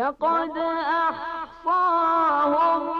لقد أحصاهم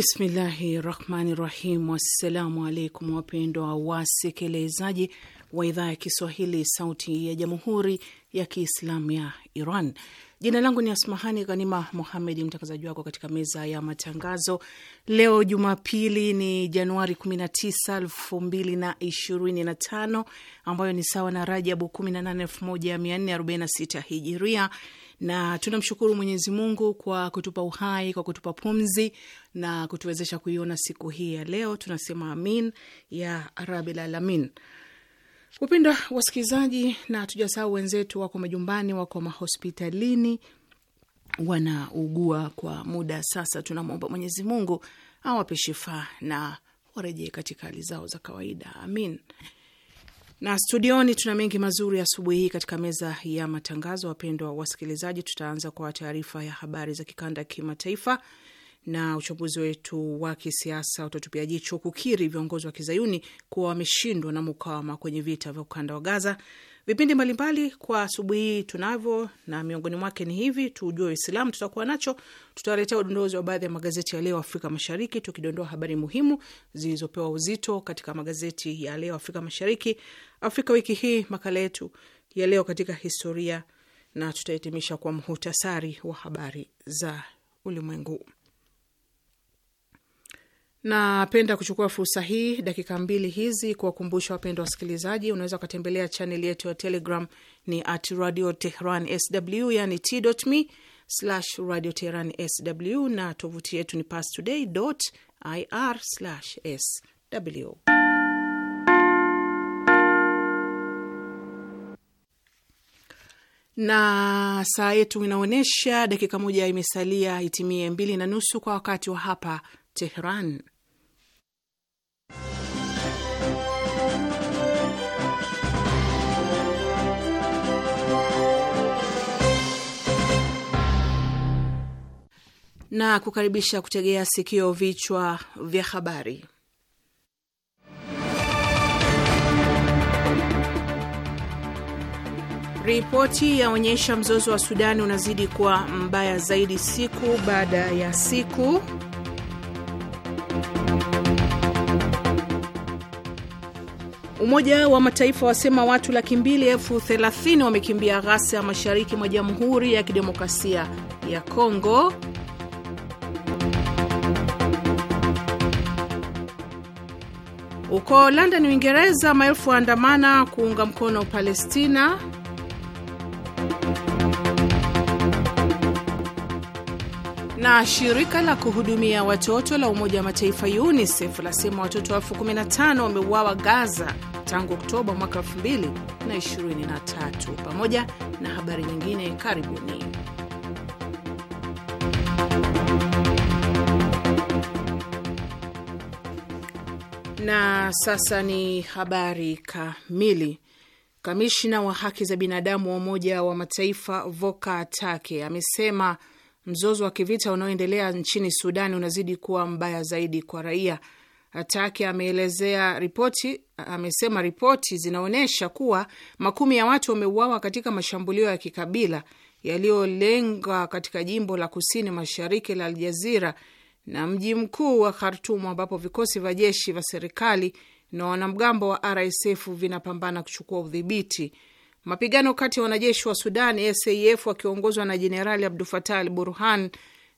Bismillahi rahmani rahim. Wassalamu alaikum wapendwa wasikilizaji wa idhaa ya Kiswahili sauti ya jamhuri ya Kiislamu ya Iran. Jina langu ni Asmahani Ghanima Muhamedi, mtangazaji wako katika meza ya matangazo. Leo Jumapili ni Januari 19, 2025 ambayo ni sawa na Rajabu 18, 1446 Hijiria, na tunamshukuru Mwenyezi Mungu kwa kutupa uhai, kwa kutupa pumzi, na kutuwezesha kuiona siku hii ya leo. Tunasema amin ya rabil alamin. Upendo wasikilizaji, na tujasahau wenzetu wako majumbani, wako mahospitalini, wanaugua kwa muda sasa. Tunamwomba Mwenyezi Mungu awape shifa na warejee katika hali zao za kawaida, amin. Na studioni tuna mengi mazuri asubuhi hii katika meza ya matangazo. Wapendwa wasikilizaji, tutaanza kwa taarifa ya habari za kikanda, kimataifa na uchambuzi wetu wa kisiasa utatupia jicho kukiri viongozi wa kizayuni kuwa wameshindwa na mukawama kwenye vita vya ukanda wa Gaza. Vipindi mbalimbali kwa asubuhi hii tunavyo, na miongoni mwake ni hivi: tujue Uislamu tutakuwa nacho, tutawaletea udondozi wa baadhi ya magazeti ya leo Afrika Mashariki, tukidondoa habari muhimu zilizopewa uzito katika magazeti ya leo Afrika Mashariki, Afrika wiki hii, makala yetu ya leo katika historia, na tutahitimisha kwa muhtasari wa habari za ulimwengu. Napenda kuchukua fursa hii dakika mbili hizi kuwakumbusha wapendwa wasikilizaji, unaweza ukatembelea chaneli yetu ya Telegram ni at radio tehran sw, yani t.me slash radio tehran sw, na tovuti yetu ni pastoday ir sw. Na saa yetu inaonyesha dakika moja imesalia itimie mbili na nusu kwa wakati wa hapa teheran na kukaribisha kutegea sikio vichwa vya habari. Ripoti yaonyesha mzozo wa Sudani unazidi kuwa mbaya zaidi siku baada ya siku. Umoja wa Mataifa wasema watu laki mbili elfu thelathini wamekimbia ghasia mashariki mwa Jamhuri ya Kidemokrasia ya Kongo. Huko London, Uingereza, maelfu waandamana kuunga mkono Palestina. Na shirika la kuhudumia watoto la Umoja wa Mataifa UNICEF lasema watoto elfu 15 wameuawa Gaza tangu Oktoba mwaka 2023, pamoja na habari nyingine. Karibuni. Na sasa ni habari kamili. Kamishna wa haki za binadamu wa Umoja wa Mataifa Voka Take amesema mzozo wa kivita unaoendelea nchini Sudani unazidi kuwa mbaya zaidi kwa raia. atake ameelezea ripoti, amesema ripoti zinaonyesha kuwa makumi ya watu wameuawa katika mashambulio ya kikabila yaliyolenga katika jimbo la kusini mashariki la Aljazira na mji mkuu wa Khartumu ambapo vikosi vya jeshi vya serikali na wanamgambo wa RSF vinapambana kuchukua udhibiti. Mapigano kati ya wanajeshi wa Sudan SAF wakiongozwa na Jenerali Abdul Fatah al Burhan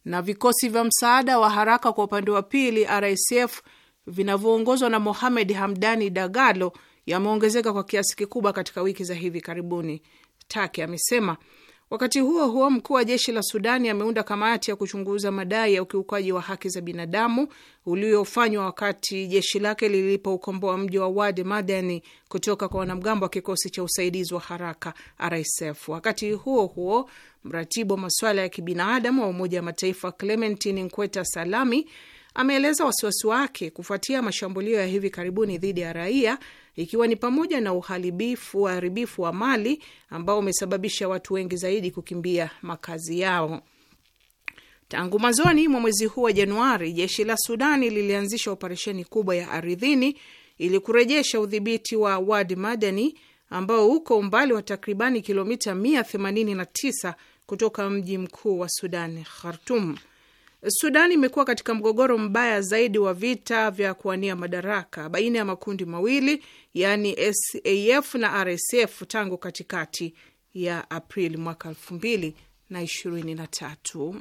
na vikosi vya msaada wa haraka kwa upande wa pili RSF vinavyoongozwa na Mohamed Hamdani Dagalo yameongezeka kwa kiasi kikubwa katika wiki za hivi karibuni, Take amesema. Wakati huo huo, mkuu wa jeshi la Sudani ameunda kamati ya kuchunguza madai ya ukiukaji wa haki za binadamu uliofanywa wakati jeshi lake lilipoukomboa mji wa Wad Madani kutoka kwa wanamgambo wa kikosi cha usaidizi wa haraka RSF. Wakati huo huo, mratibu wa masuala ya kibinadamu wa Umoja wa Mataifa Clementine Nkweta Salami ameeleza wasiwasi wake kufuatia mashambulio ya hivi karibuni dhidi ya raia ikiwa ni pamoja na uharibifu uharibifu wa mali ambao umesababisha watu wengi zaidi kukimbia makazi yao. Tangu mwanzoni mwa mwezi huu wa Januari, jeshi la Sudani lilianzisha operesheni kubwa ya ardhini ili kurejesha udhibiti wa Wad Madani ambao uko umbali wa takribani kilomita 189 kutoka mji mkuu wa Sudan, Khartum. Sudani imekuwa katika mgogoro mbaya zaidi wa vita vya kuwania madaraka baina ya makundi mawili yaani SAF na RSF tangu katikati ya Aprili mwaka elfu mbili na ishirini na tatu.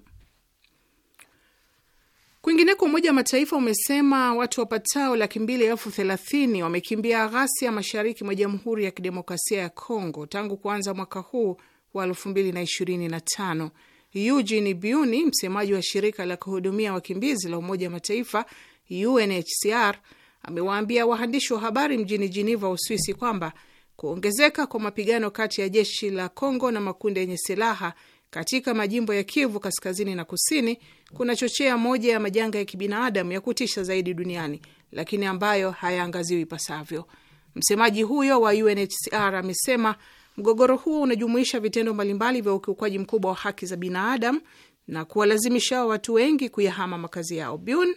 Kwingineko, Umoja wa Mataifa umesema watu wapatao laki mbili elfu thelathini wamekimbia ghasia mashariki mwa Jamhuri ya Kidemokrasia ya Kongo tangu kuanza mwaka huu wa elfu mbili na ishirini na tano. Eugene Biuni, msemaji wa shirika la kuhudumia wakimbizi la Umoja wa Mataifa UNHCR, amewaambia waandishi wa habari mjini jiniva Uswisi, kwamba kuongezeka kwa mapigano kati ya jeshi la Kongo na makundi yenye silaha katika majimbo ya Kivu kaskazini na kusini kunachochea moja ya majanga ya kibinadamu ya kutisha zaidi duniani, lakini ambayo hayaangaziwi ipasavyo. Msemaji huyo wa UNHCR amesema Mgogoro huo unajumuisha vitendo mbalimbali vya ukiukwaji mkubwa wa haki za binadamu na kuwalazimisha watu wengi kuyahama makazi yao. Bun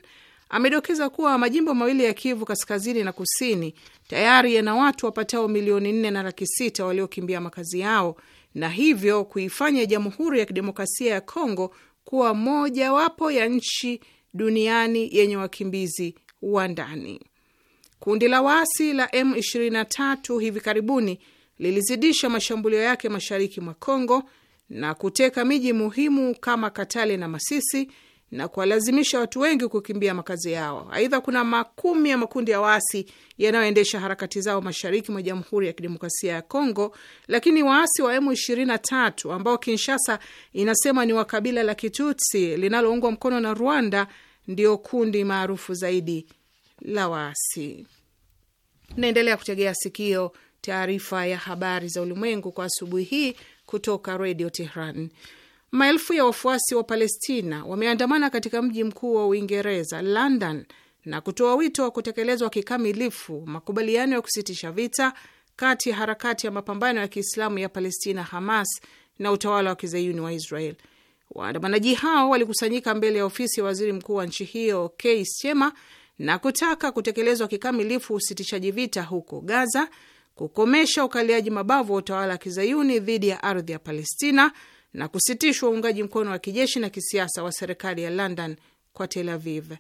amedokeza kuwa majimbo mawili ya Kivu kaskazini na kusini tayari yana watu wapatao milioni nne na laki sita waliokimbia makazi yao na hivyo kuifanya Jamhuri ya Kidemokrasia ya Kongo kuwa mojawapo ya nchi duniani yenye wakimbizi wa ndani. Kundi la waasi la M23 hivi karibuni lilizidisha mashambulio yake mashariki mwa Kongo na kuteka miji muhimu kama Katale na Masisi na kuwalazimisha watu wengi kukimbia makazi yao. Aidha, kuna makumi ya makundi ya waasi yanayoendesha harakati zao mashariki mwa Jamhuri ya Kidemokrasia ya Kongo, lakini waasi wa M23 ambao Kinshasa inasema ni wa kabila la Kitutsi linaloungwa mkono na Rwanda ndio kundi maarufu zaidi la waasi. Naendelea kutegea sikio taarifa ya habari za ulimwengu kwa asubuhi hii kutoka redio Tehran. Maelfu ya wafuasi wa Palestina wameandamana katika mji mkuu wa Uingereza, London, na kutoa wito wa kutekelezwa kikamilifu makubaliano ya kusitisha vita kati ya harakati ya mapambano ya Kiislamu ya Palestina, Hamas, na utawala wa kizayuni wa Israel. Waandamanaji hao walikusanyika mbele ya ofisi ya waziri mkuu wa nchi hiyo Keir Starmer na kutaka kutekelezwa kikamilifu usitishaji vita huko Gaza kukomesha ukaliaji mabavu wa utawala wa kizayuni dhidi ya ardhi ya Palestina na kusitishwa uungaji mkono wa kijeshi na kisiasa wa serikali ya London kwa Tel Aviv.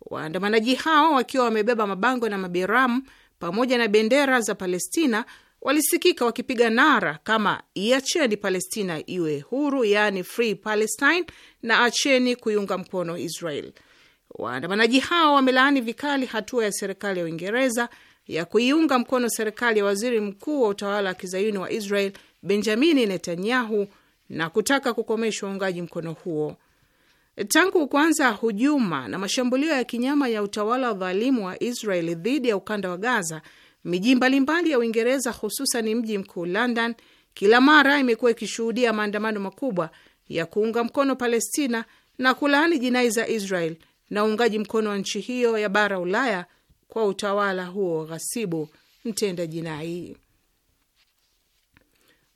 Waandamanaji hao wakiwa wamebeba mabango na mabiramu pamoja na bendera za Palestina walisikika wakipiga nara kama iacheni Palestina iwe huru, yaani Free Palestine, na acheni kuiunga mkono Israel. Waandamanaji hao wamelaani vikali hatua ya serikali ya Uingereza ya kuiunga mkono serikali ya waziri mkuu wa utawala wa kizayuni wa Israel Benjamini Netanyahu na kutaka kukomeshwa uungaji mkono huo. Tangu kuanza hujuma na mashambulio ya kinyama ya utawala wa dhalimu wa Israel dhidi ya ukanda wa Gaza, miji mbalimbali ya Uingereza, hususan mji mkuu London, kila mara imekuwa ikishuhudia maandamano makubwa ya kuunga mkono Palestina na kulaani jinai za Israel na uungaji mkono wa nchi hiyo ya bara Ulaya kwa utawala huo ghasibu mtenda jinai.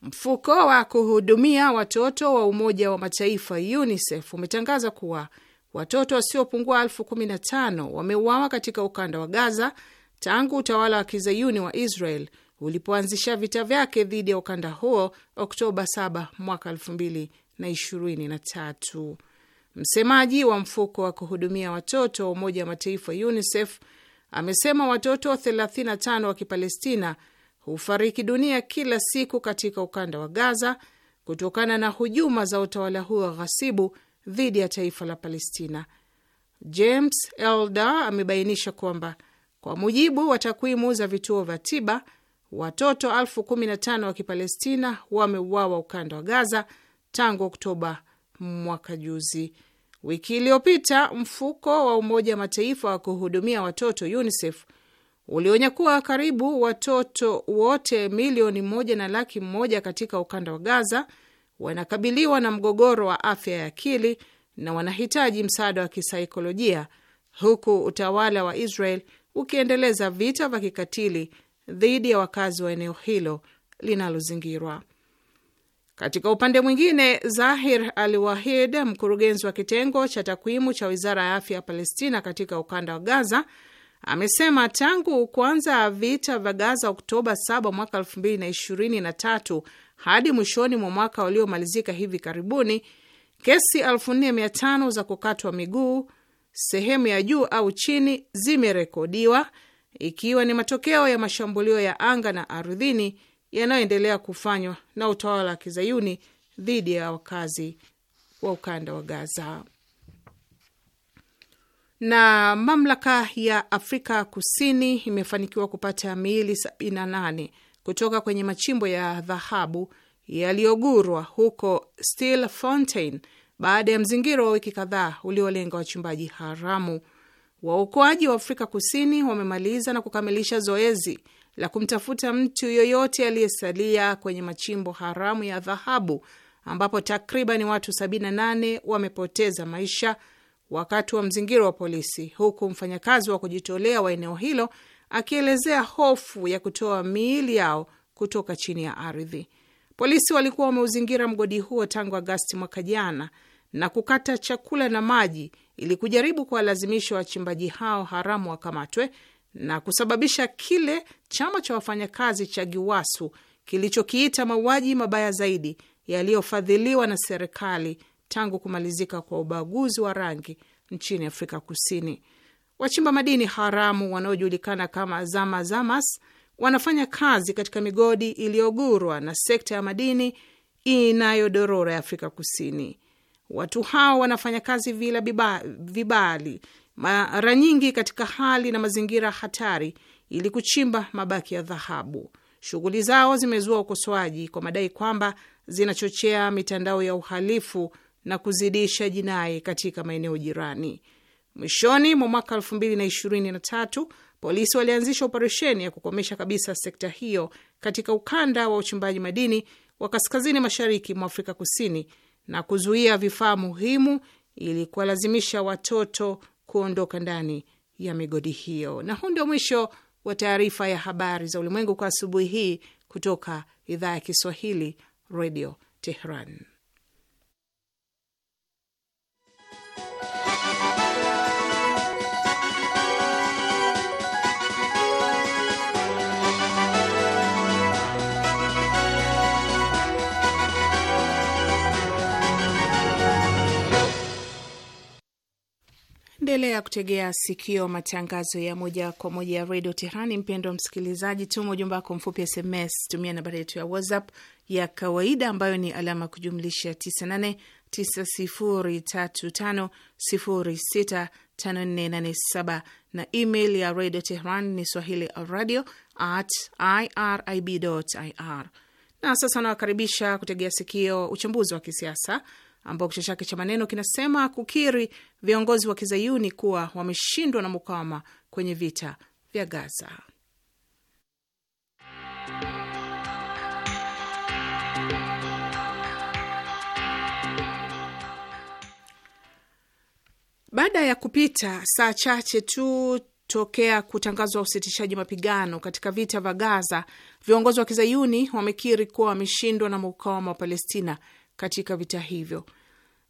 Mfuko wa kuhudumia watoto wa Umoja wa Mataifa UNICEF umetangaza kuwa watoto wasiopungua elfu kumi na tano wameuawa katika ukanda wa Gaza tangu utawala wa kizayuni wa Israel ulipoanzisha vita vyake dhidi ya ukanda huo Oktoba 7 mwaka 2023. Msemaji wa mfuko wa kuhudumia watoto wa Umoja wa Mataifa UNICEF amesema watoto 35 wa Kipalestina hufariki dunia kila siku katika ukanda wa Gaza kutokana na hujuma za utawala huo ghasibu dhidi ya taifa la Palestina. James Elder amebainisha kwamba kwa mujibu wa takwimu za vituo vya tiba watoto 15 wa Kipalestina wameuawa ukanda wa Gaza tangu Oktoba mwaka juzi. Wiki iliyopita mfuko wa Umoja wa Mataifa wa kuhudumia watoto UNICEF ulionya kuwa karibu watoto wote milioni moja na laki moja katika ukanda wa Gaza wanakabiliwa na mgogoro wa afya ya akili na wanahitaji msaada wa kisaikolojia, huku utawala wa Israel ukiendeleza vita vya kikatili dhidi ya wakazi wa eneo hilo linalozingirwa. Katika upande mwingine, Zahir Al Wahid, mkurugenzi wa kitengo cha takwimu cha wizara ya afya ya Palestina katika ukanda wa Gaza, amesema tangu kuanza vita vya Gaza Oktoba 7 mwaka 2023 hadi mwishoni mwa mwaka uliomalizika hivi karibuni, kesi 4500 za kukatwa miguu sehemu ya juu au chini zimerekodiwa, ikiwa ni matokeo ya mashambulio ya anga na ardhini yanayoendelea kufanywa na utawala wa kizayuni dhidi ya wakazi wa ukanda wa Gaza. Na mamlaka ya Afrika Kusini imefanikiwa kupata miili 78 kutoka kwenye machimbo ya dhahabu yaliyogurwa huko Stilfontein baada ya mzingiro wa wiki kadhaa uliolenga wachimbaji haramu. Waokoaji wa Afrika Kusini wamemaliza na kukamilisha zoezi la kumtafuta mtu yoyote aliyesalia kwenye machimbo haramu ya dhahabu ambapo takriban watu 78 wamepoteza maisha wakati wa mzingiro wa polisi, huku mfanyakazi wa kujitolea wa eneo hilo akielezea hofu ya kutoa miili yao kutoka chini ya ardhi. Polisi walikuwa wameuzingira mgodi huo tangu Agasti mwaka jana na kukata chakula na maji ili kujaribu kuwalazimisha wachimbaji hao haramu wakamatwe na kusababisha kile chama cha wafanyakazi cha Giwasu kilichokiita mauaji mabaya zaidi yaliyofadhiliwa na serikali tangu kumalizika kwa ubaguzi wa rangi nchini Afrika Kusini. Wachimba madini haramu wanaojulikana kama Zamazamas wanafanya kazi katika migodi iliyogurwa na sekta ya madini inayodorora ya Afrika Kusini. Watu hao wanafanya kazi bila vibali mara nyingi katika hali na mazingira hatari ili kuchimba mabaki ya dhahabu. Shughuli zao zimezua ukosoaji kwa madai kwamba zinachochea mitandao ya uhalifu na kuzidisha jinai katika maeneo jirani. Mwishoni mwa mwaka tatu polisi walianzisha operesheni ya kukomesha kabisa sekta hiyo katika ukanda wa uchimbaji madini wa kaskazini mashariki mwa Afrika Kusini na kuzuia vifaa muhimu ili kuwalazimisha watoto kuondoka ndani ya migodi hiyo. Na huu ndio mwisho wa taarifa ya habari za ulimwengu kwa asubuhi hii kutoka idhaa ya Kiswahili, Radio Tehran. Endelea kutegea sikio matangazo ya moja kwa moja ya redio Tehrani. Mpendwa msikilizaji, tuma ujumbe wako mfupi SMS, tumia nambari yetu ya WhatsApp ya kawaida ambayo ni alama kujumlisha 989035065487 na email ya redio Tehran ni swahili radio at irib.ir. Na sasa nawakaribisha kutegea sikio uchambuzi wa kisiasa ambao kichwa chake cha maneno kinasema kukiri viongozi wa kizayuni kuwa wameshindwa na mukawama kwenye vita vya Gaza. Baada ya kupita saa chache tu tokea kutangazwa usitishaji mapigano katika vita vya Gaza, viongozi wa kizayuni wamekiri kuwa wameshindwa na mukawama wa Palestina katika vita hivyo.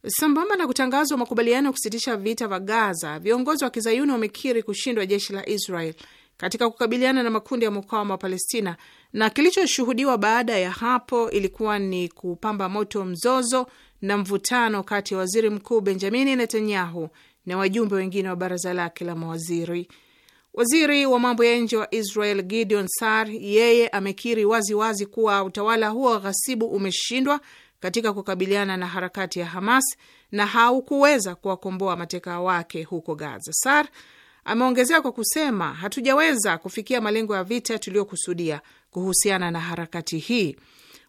Sambamba na kutangazwa makubaliano ya kusitisha vita vya Gaza, viongozi wa kizayuni wamekiri kushindwa jeshi la Israel katika kukabiliana na makundi ya mukawama wa Palestina, na kilichoshuhudiwa baada ya hapo ilikuwa ni kupamba moto mzozo na mvutano kati ya waziri mkuu Benjamini Netanyahu na wajumbe wengine wa baraza lake la mawaziri. Waziri wa mambo ya nje wa Israel Gideon Sar yeye amekiri waziwazi wazi kuwa utawala huo wa ghasibu umeshindwa katika kukabiliana na harakati ya Hamas na haukuweza kuwakomboa mateka wake huko Gaza. Sar ameongezea kwa kusema, hatujaweza kufikia malengo ya vita tuliyokusudia kuhusiana na harakati hii.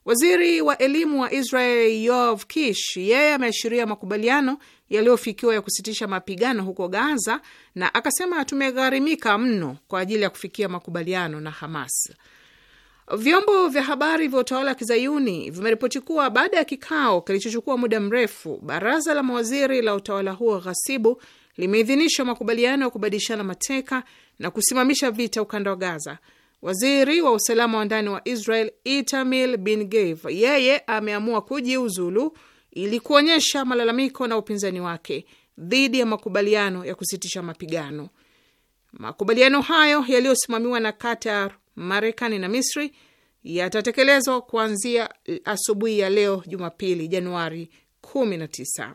Waziri wa elimu wa Israel Yoav Kish yeye ameashiria makubaliano yaliyofikiwa ya kusitisha mapigano huko Gaza na akasema, tumegharimika mno kwa ajili ya kufikia makubaliano na Hamas. Vyombo vya habari vya utawala wa kizayuni vimeripoti kuwa baada ya kikao kilichochukua muda mrefu, baraza la mawaziri la utawala huo ghasibu limeidhinisha makubaliano ya kubadilishana mateka na kusimamisha vita ukanda wa Gaza. Waziri wa usalama wa ndani wa Israel Itamar Ben-Gvir yeye ameamua kujiuzulu ili kuonyesha malalamiko na upinzani wake dhidi ya makubaliano ya kusitisha mapigano. Makubaliano hayo yaliyosimamiwa na Qatar, Marekani na Misri yatatekelezwa kuanzia asubuhi ya leo Jumapili, Januari 19.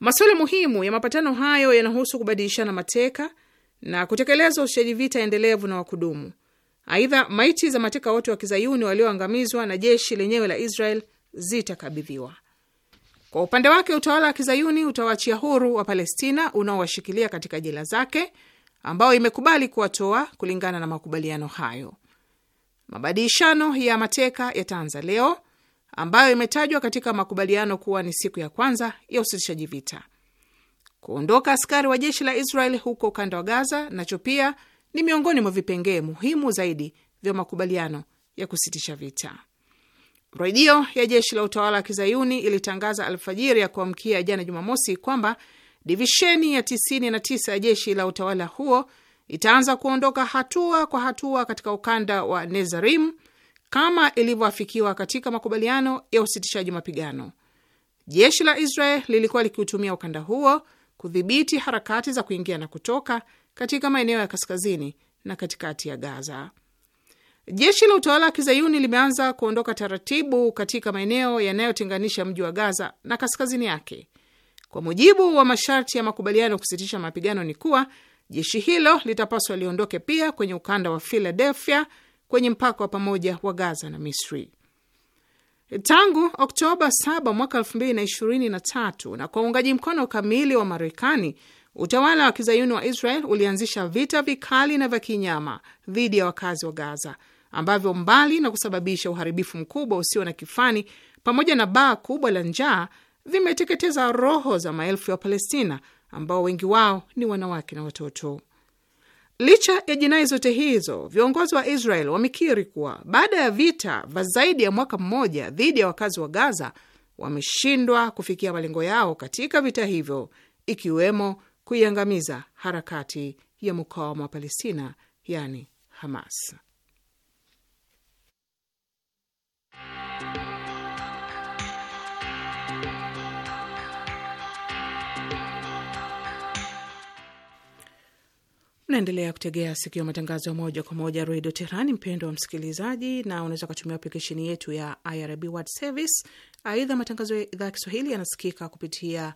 Masuala muhimu ya mapatano hayo yanahusu kubadilishana mateka na kutekelezwa ushaji vita endelevu na wakudumu. Aidha, maiti za mateka wote wa kizayuni walioangamizwa na jeshi lenyewe la Israel zitakabidhiwa. Kwa upande wake, utawala wa kizayuni utawaachia huru wa Palestina unaowashikilia katika jela zake ambayo imekubali kuwatoa kulingana na makubaliano hayo. Mabadilishano ya mateka yataanza leo, ambayo imetajwa katika makubaliano kuwa ni siku ya kwanza ya usitishaji vita. Kuondoka askari wa jeshi la Israel huko ukanda wa Gaza nacho pia ni miongoni mwa vipengee muhimu zaidi vya makubaliano ya kusitisha vita. Redio ya jeshi la utawala wa kizayuni ilitangaza alfajiri ya kuamkia jana Jumamosi kwamba Divisheni ya 99 ya jeshi la utawala huo itaanza kuondoka hatua kwa hatua katika ukanda wa Nezarim kama ilivyoafikiwa katika makubaliano ya usitishaji mapigano. Jeshi la Israel lilikuwa likiutumia ukanda huo kudhibiti harakati za kuingia na kutoka katika maeneo ya kaskazini na katikati ya Gaza. Jeshi la utawala wa kizayuni limeanza kuondoka taratibu katika maeneo yanayotenganisha mji wa Gaza na kaskazini yake kwa mujibu wa masharti ya makubaliano ya kusitisha mapigano ni kuwa jeshi hilo litapaswa liondoke pia kwenye ukanda wa Philadelphia kwenye mpaka wa pamoja wa Gaza na Misri. Tangu Oktoba 7 mwaka 2023 na kwa uungaji mkono kamili wa Marekani, utawala wa kizayuni wa Israel ulianzisha vita vikali na vya kinyama dhidi ya wakazi wa Gaza ambavyo mbali na kusababisha uharibifu mkubwa usio na kifani pamoja na baa kubwa la njaa vimeteketeza roho za maelfu ya Wapalestina ambao wengi wao ni wanawake na watoto. Licha ya jinai zote hizo, viongozi wa Israel wamekiri kuwa baada ya vita vya zaidi ya mwaka mmoja dhidi ya wakazi wa Gaza wameshindwa kufikia malengo yao katika vita hivyo, ikiwemo kuiangamiza harakati ya mukawama wa Palestina, yani Hamas. Mnaendelea kutegea sikio matangazo ya moja kwa moja redio Tehrani, mpendo wa msikilizaji, na unaweza ukatumia aplikesheni yetu ya IRB World Service. Aidha, matangazo ya idhaa ya Kiswahili yanasikika kupitia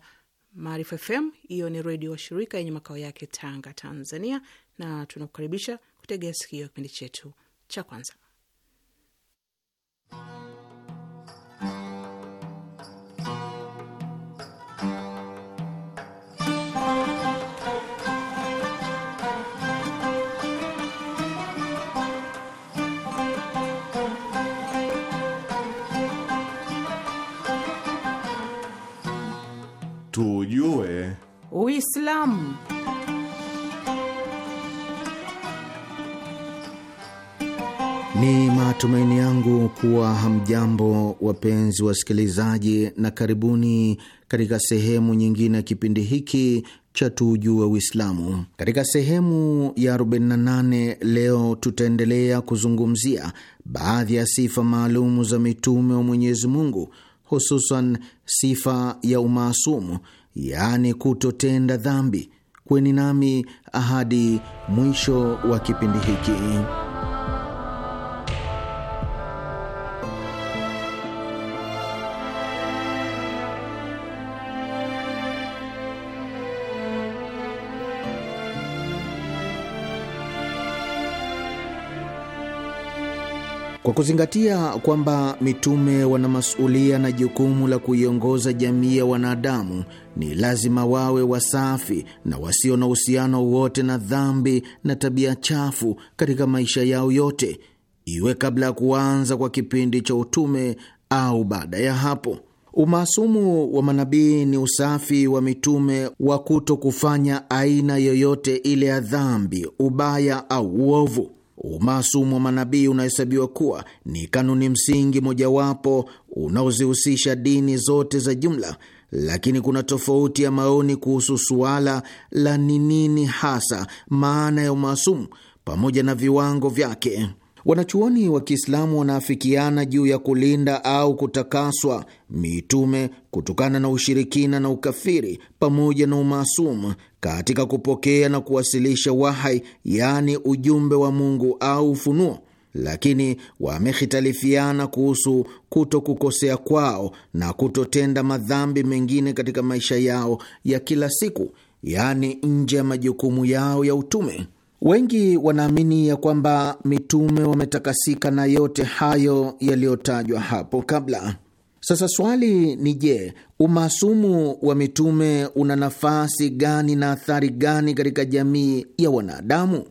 Maarifa FM. Hiyo ni redio wa shirika yenye makao yake Tanga, Tanzania, na tunakukaribisha kutegea sikio kipindi chetu cha kwanza tujue Uislamu. Ni matumaini yangu kuwa hamjambo, wapenzi wasikilizaji, na karibuni katika sehemu nyingine ya kipindi hiki cha tuujue Uislamu. Katika sehemu ya 48 leo tutaendelea kuzungumzia baadhi ya sifa maalumu za mitume wa Mwenyezi Mungu hususan sifa ya umaasumu, yaani kutotenda dhambi. Kweni nami ahadi mwisho wa kipindi hiki. Kwa kuzingatia kwamba mitume wana masulia na jukumu la kuiongoza jamii ya wanadamu, ni lazima wawe wasafi na wasio na uhusiano wote na dhambi na tabia chafu katika maisha yao yote, iwe kabla ya kuanza kwa kipindi cha utume au baada ya hapo. Umaasumu wa manabii ni usafi wa mitume wa kuto kufanya aina yoyote ile ya dhambi, ubaya au uovu. Umaasumu wa manabii unahesabiwa kuwa ni kanuni msingi mojawapo unaozihusisha dini zote za jumla, lakini kuna tofauti ya maoni kuhusu suala la ni nini hasa maana ya umaasumu pamoja na viwango vyake. Wanachuoni wa Kiislamu wanaafikiana juu ya kulinda au kutakaswa mitume kutokana na ushirikina na ukafiri pamoja na umaasumu katika kupokea na kuwasilisha wahai, yaani ujumbe wa Mungu au ufunuo, lakini wamehitalifiana kuhusu kuto kukosea kwao na kutotenda madhambi mengine katika maisha yao ya kila siku, yaani nje ya majukumu yao ya utume. Wengi wanaamini ya kwamba mitume wametakasika na yote hayo yaliyotajwa hapo kabla. Sasa swali ni je, umaasumu wa mitume una nafasi gani na athari gani katika jamii ya wanadamu?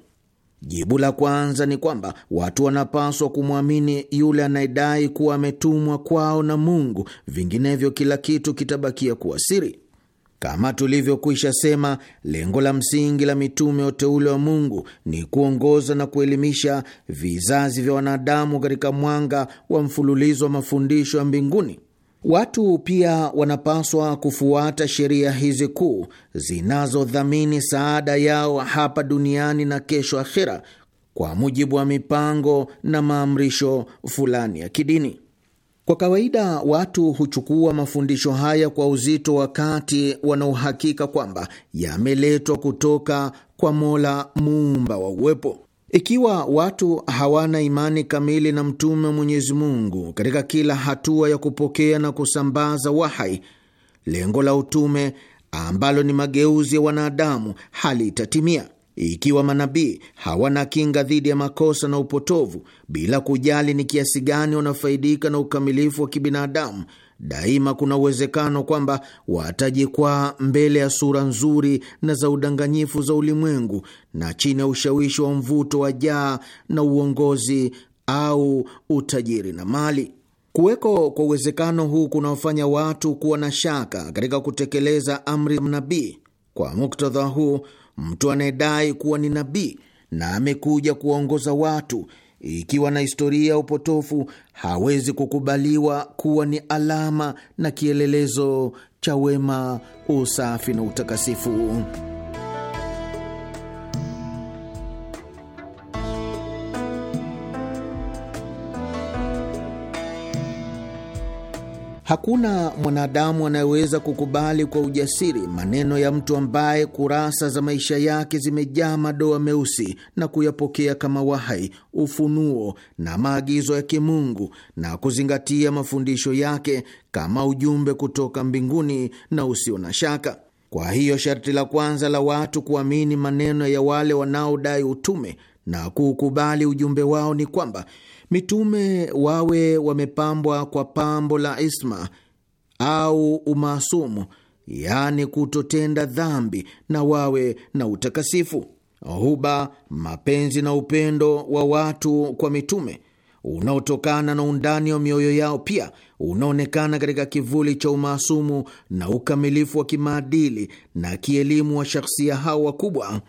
Jibu la kwanza ni kwamba watu wanapaswa kumwamini yule anayedai kuwa ametumwa kwao na Mungu, vinginevyo kila kitu kitabakia kuwa siri. Kama tulivyokwisha sema, lengo la msingi la mitume wateule wa Mungu ni kuongoza na kuelimisha vizazi vya wanadamu katika mwanga wa mfululizo wa mafundisho ya mbinguni. Watu pia wanapaswa kufuata sheria hizi kuu zinazodhamini saada yao hapa duniani na kesho akhera, kwa mujibu wa mipango na maamrisho fulani ya kidini. Kwa kawaida watu huchukua mafundisho haya kwa uzito wakati wanaohakika kwamba yameletwa kutoka kwa Mola muumba wa uwepo. Ikiwa watu hawana imani kamili na mtume wa Mwenyezi Mungu katika kila hatua ya kupokea na kusambaza wahai, lengo la utume ambalo ni mageuzi ya wanadamu halitatimia. Ikiwa manabii hawana kinga dhidi ya makosa na upotovu, bila kujali ni kiasi gani wanafaidika na ukamilifu wa kibinadamu, daima kuna uwezekano kwamba watajikwaa mbele ya sura nzuri na za udanganyifu za ulimwengu na chini ya ushawishi wa mvuto wa jaa na uongozi au utajiri na mali. Kuweko kwa uwezekano huu kunaofanya watu kuwa na shaka katika kutekeleza amri za manabii. Kwa muktadha huu mtu anayedai kuwa ni nabii na amekuja kuwaongoza watu ikiwa na historia ya upotofu hawezi kukubaliwa kuwa ni alama na kielelezo cha wema, usafi na utakasifu. Hakuna mwanadamu anayeweza kukubali kwa ujasiri maneno ya mtu ambaye kurasa za maisha yake zimejaa madoa meusi na kuyapokea kama wahai, ufunuo na maagizo ya kimungu na kuzingatia mafundisho yake kama ujumbe kutoka mbinguni na usio na shaka. Kwa hiyo sharti la kwanza la watu kuamini maneno ya wale wanaodai utume na kuukubali ujumbe wao ni kwamba mitume wawe wamepambwa kwa pambo la isma au umaasumu, yaani kutotenda dhambi, na wawe na utakasifu, huba, mapenzi na upendo wa watu kwa mitume unaotokana na undani wa mioyo yao, pia unaonekana katika kivuli cha umaasumu na ukamilifu wa kimaadili na kielimu wa shakhsia hao wakubwa.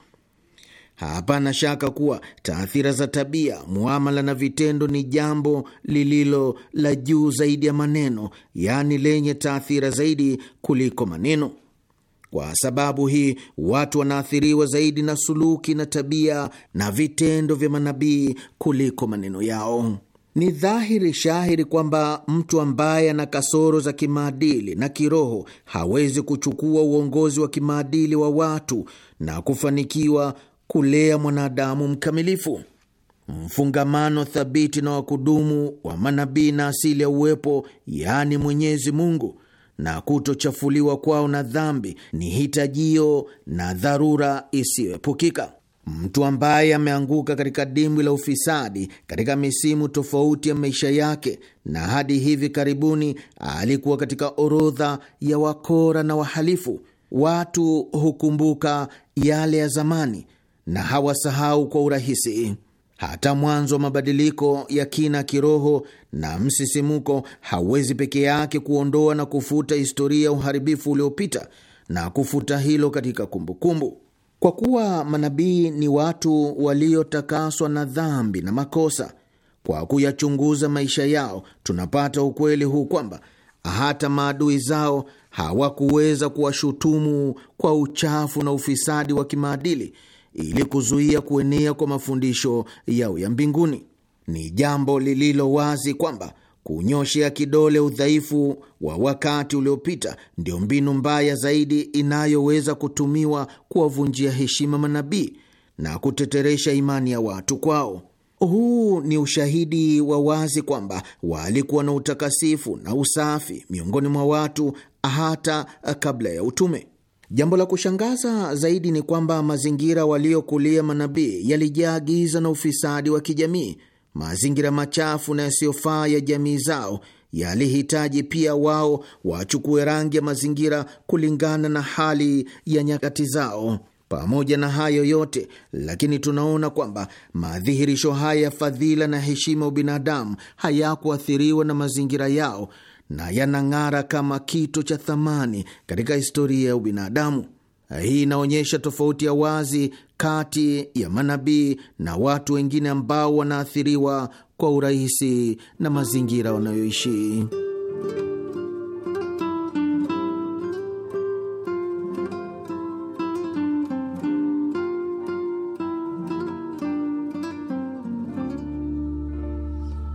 Hapana shaka kuwa taathira za tabia, muamala na vitendo ni jambo lililo la juu zaidi ya maneno, yaani lenye taathira zaidi kuliko maneno. Kwa sababu hii, watu wanaathiriwa zaidi na suluki na tabia na vitendo vya manabii kuliko maneno yao. Ni dhahiri shahiri kwamba mtu ambaye ana kasoro za kimaadili na kiroho hawezi kuchukua uongozi wa kimaadili wa watu na kufanikiwa kulea mwanadamu mkamilifu. Mfungamano thabiti na wakudumu wa manabii na asili ya uwepo, yaani Mwenyezi Mungu, na kutochafuliwa kwao na dhambi ni hitajio na dharura isiyoepukika. Mtu ambaye ameanguka katika dimbwi la ufisadi katika misimu tofauti ya maisha yake na hadi hivi karibuni alikuwa katika orodha ya wakora na wahalifu, watu hukumbuka yale ya zamani na hawasahau kwa urahisi. Hata mwanzo wa mabadiliko ya kina kiroho na msisimuko hawezi peke yake kuondoa na kufuta historia ya uharibifu uliopita na kufuta hilo katika kumbukumbu kumbu. Kwa kuwa manabii ni watu waliotakaswa na dhambi na makosa, kwa kuyachunguza maisha yao tunapata ukweli huu kwamba hata maadui zao hawakuweza kuwashutumu kwa uchafu na ufisadi wa kimaadili ili kuzuia kuenea kwa mafundisho yao ya mbinguni. Ni jambo lililo wazi kwamba kunyoshea kidole udhaifu wa wakati uliopita ndio mbinu mbaya zaidi inayoweza kutumiwa kuwavunjia heshima manabii na kuteteresha imani ya watu kwao. Huu ni ushahidi wa wazi kwamba walikuwa na utakasifu na usafi miongoni mwa watu hata kabla ya utume. Jambo la kushangaza zaidi ni kwamba mazingira waliokulia manabii yalijaa giza na ufisadi wa kijamii. Mazingira machafu na yasiyofaa ya jamii zao yalihitaji pia wao wachukue rangi ya mazingira kulingana na hali ya nyakati zao. Pamoja na hayo yote lakini, tunaona kwamba madhihirisho haya ya fadhila na heshima ya ubinadamu hayakuathiriwa na mazingira yao na yanang'ara kama kito cha thamani katika historia ya ubinadamu. Hii inaonyesha tofauti ya wazi kati ya manabii na watu wengine ambao wanaathiriwa kwa urahisi na mazingira wanayoishi.